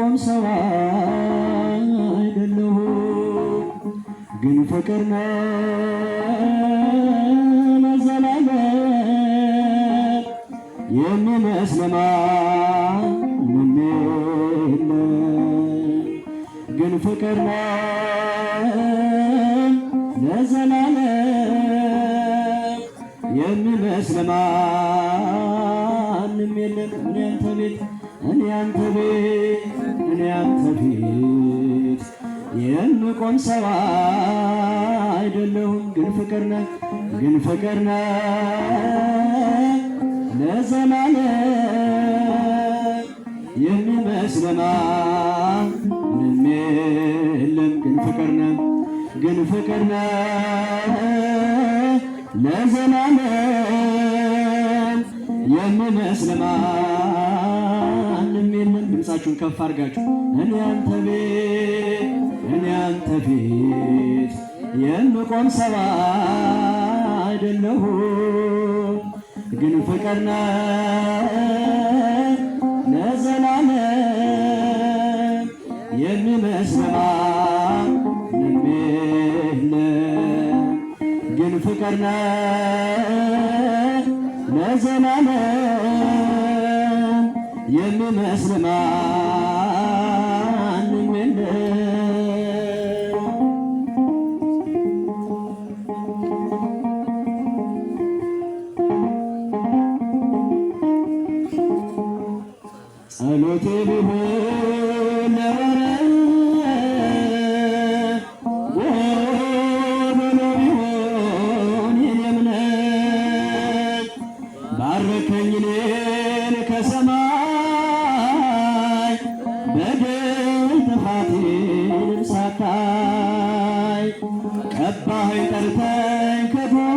የምቆም ሰው አይደለሁም፣ ግን ፍቅር መዘላለ የሚመስለማ ምሜለ ግን ፍቅር ለዘላለ የሚመስለማ እኔ አንተ ቤት እኔ አንተ ቤት ያንተ ፊት የምቆም ሰው አይደለሁም፣ ግን ፍቅር ነህ፣ ግን ፍቅር ነህ ለዘላለም የሚመስለማ ምንም የለም፣ ግን ፍቅር ነህ፣ ግን ፍቅር ነህ ለዘላለም የሚመስለማ ድምፃችሁን ከፍ አድርጋችሁ እኔ አንተ ቤት እኔ አንተ ቤት የምቆም ሰባ አይደለሁ፣ ግን ፍቅርነ ለዘላለም የሚመስባ ንሜለ ግን ፍቅርነ ለዘላለም የሚመስል ማን በደል ጥፋቴንም ሳታይ ቀባኸኝ ጠርተኸኝ ከጎን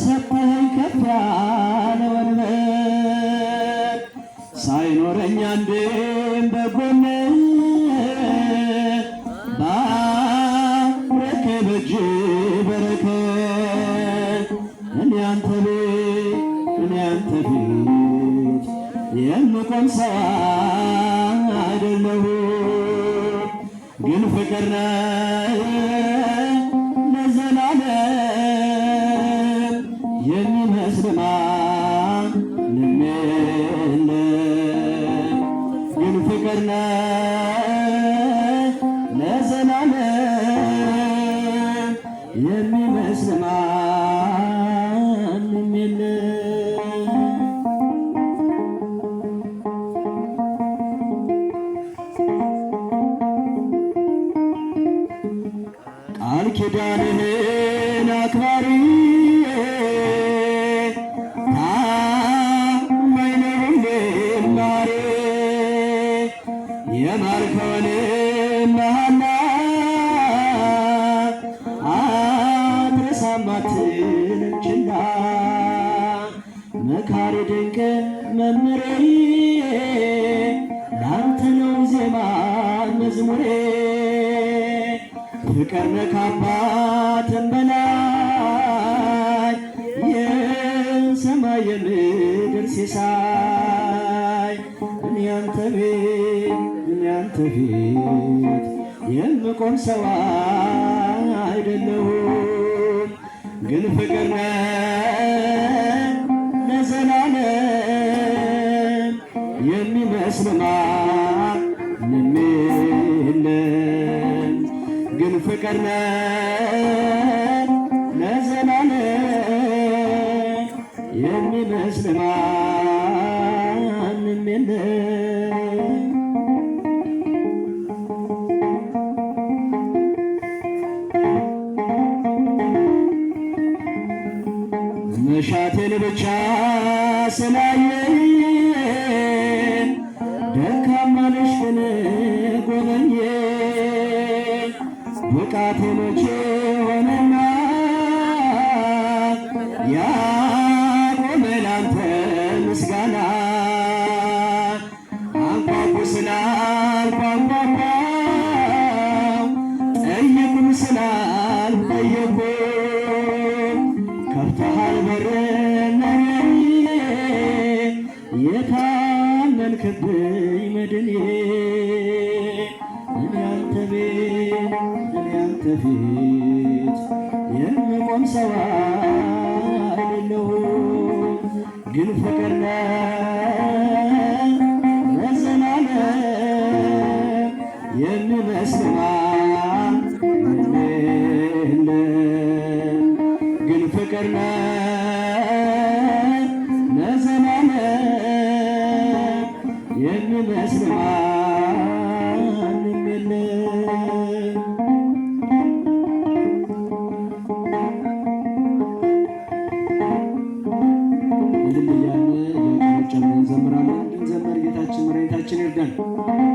ሰጠኸኝ ከፍ ያለ ወንበር ሳይኖረኝ አንድም በጎን ባረከ በእጅ በረከት እኔ አንተ ቤት እኔ አንተ ቤት የምቆም ሰው አይደለሁ፣ ግን ፍቅር ለዘላለም የሚመስል ማንም የለም፣ ግን ፍቅር ለዘላለም የሚመስል ማንም የለም። እኔ ያንተ ፊት የምቆም ሰው አይደለሁም፣ ግን ፍቅር ለዘላለም የሚመስል ማንም የለም፣ ግን ፍቅር ለዘላለም የሚመስል ማንም የለም። መሻትን ብቻ ስላየኝ ደካማነሽን ጎበኘ ብቃቴ መቼ በፊት የምቆም ሰው አይደለሁም፣ ግን ፍቅር ለዘላለም ግን ፍቅር ለዘላለም Mm-hmm.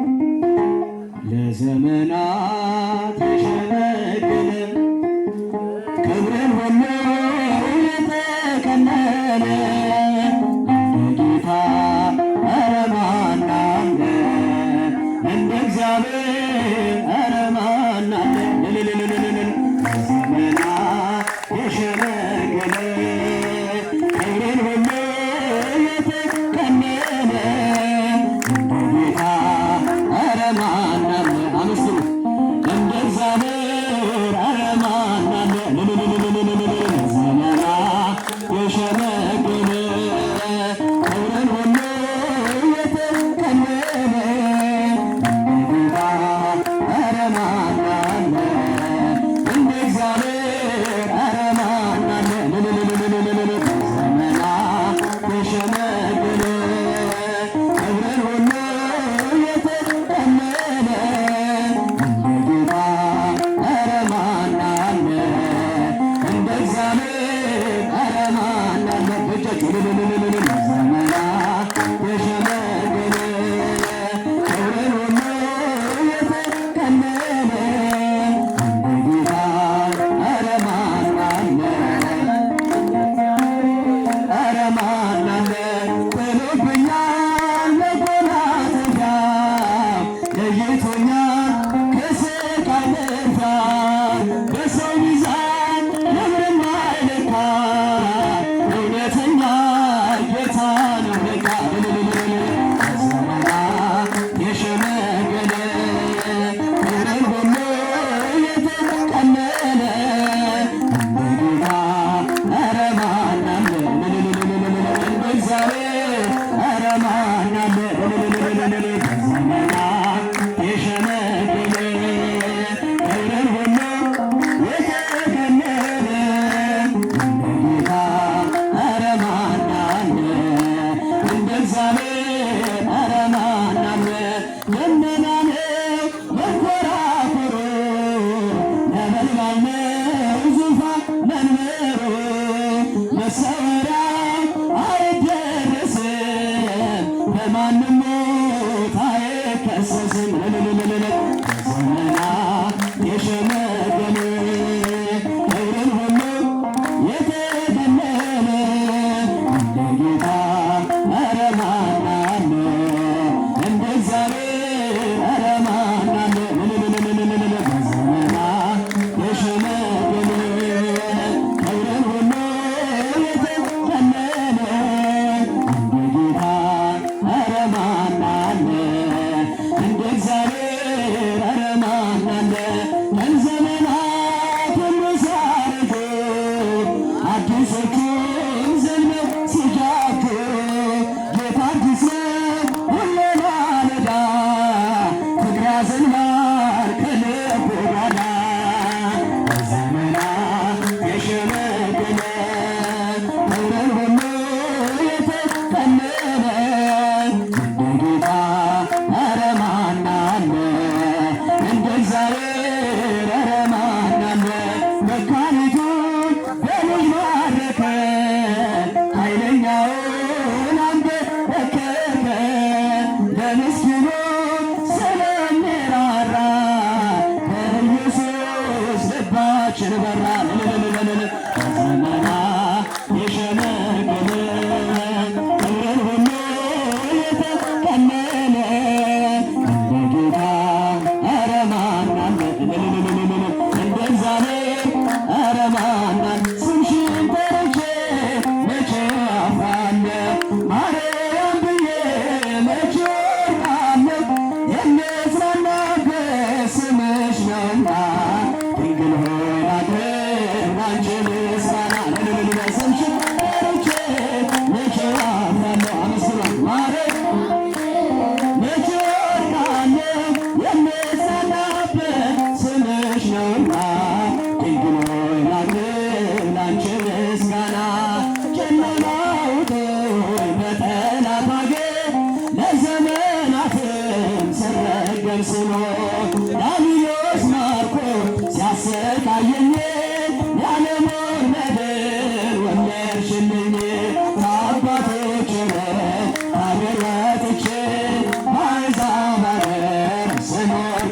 ለጌቶን መሰ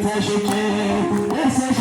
ተሽጬ ደስሽ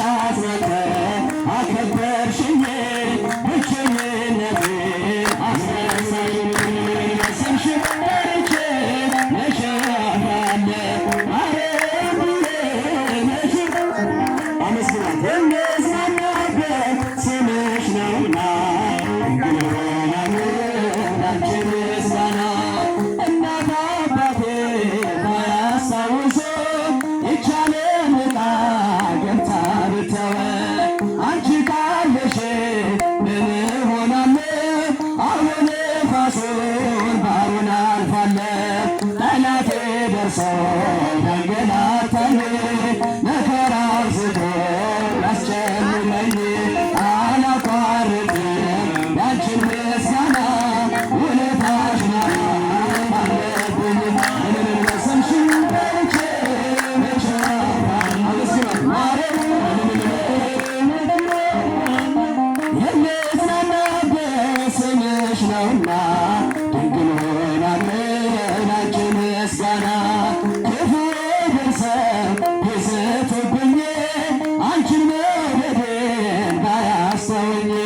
Hosanna.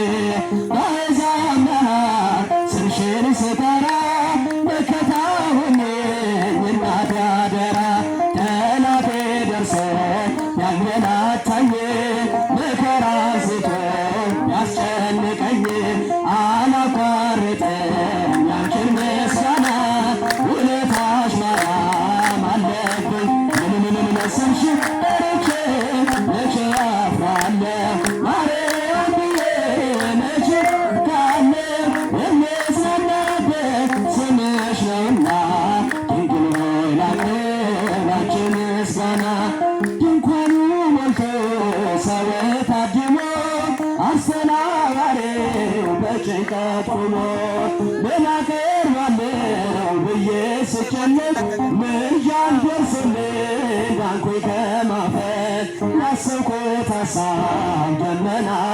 ያልደርስልኝ ባንኩ ከማፈት ያሰብኩት ሀሳብ ደመና